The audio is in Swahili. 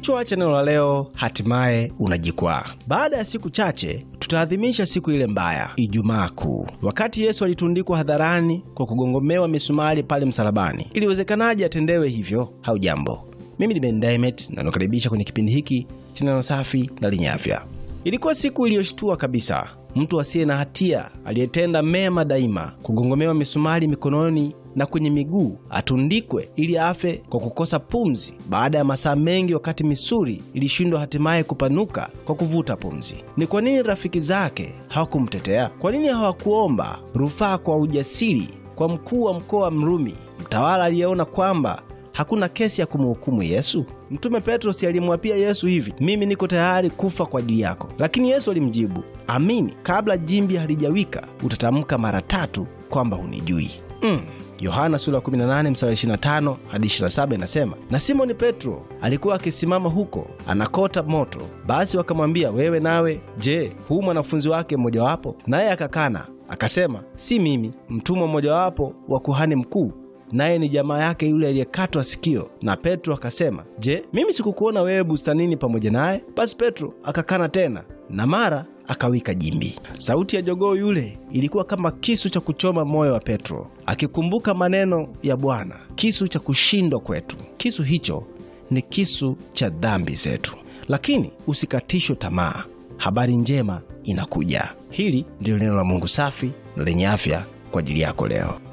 Kichwa cha neno la leo, hatimaye unajikwaa. Baada ya siku chache tutaadhimisha siku ile mbaya, Ijumaa Kuu. Wakati Yesu alitundikwa hadharani kwa kugongomewa misumari pale msalabani, iliwezekanaje atendewe hivyo? Hau jambo, mimi ni Ben Diamond na nakaribisha kwenye kipindi hiki cha neno safi na lenye afya. Ilikuwa siku iliyoshtua kabisa, mtu asiye na hatia aliyetenda mema daima kugongomewa misumari mikononi na kwenye miguu atundikwe ili afe kwa kukosa pumzi baada ya masaa mengi, wakati misuli ilishindwa hatimaye kupanuka kwa kuvuta pumzi. Ni kwa nini rafiki zake hawakumtetea? Kwa nini hawakuomba rufaa kwa ujasiri kwa mkuu wa mkoa Mrumi, mtawala aliyeona kwamba hakuna kesi ya kumhukumu Yesu? Mtume Petro si alimwapia Yesu hivi, mimi niko tayari kufa kwa ajili yako, lakini Yesu alimjibu, amini, kabla jimbi halijawika utatamka mara tatu kwamba hunijui. mm. Yohana sura ya 18 mstari 25 hadi 27 inasema, na Simoni Petro alikuwa akisimama huko anakota moto. Basi wakamwambia, wewe nawe je, huu mwanafunzi wake mmojawapo? Naye akakana akasema, si mimi. Mtumwa mmojawapo wa kuhani mkuu naye ni jamaa yake yule aliyekatwa sikio. Na Petro akasema, je, mimi sikukuona wewe bustanini pamoja naye? Basi Petro akakana tena na mara akawika jimbi. Sauti ya jogoo yule ilikuwa kama kisu cha kuchoma moyo wa Petro, akikumbuka maneno ya Bwana, kisu cha kushindwa kwetu. Kisu hicho ni kisu cha dhambi zetu. Lakini usikatishwe tamaa, habari njema inakuja. Hili ndilo neno la Mungu safi na lenye afya kwa ajili yako leo.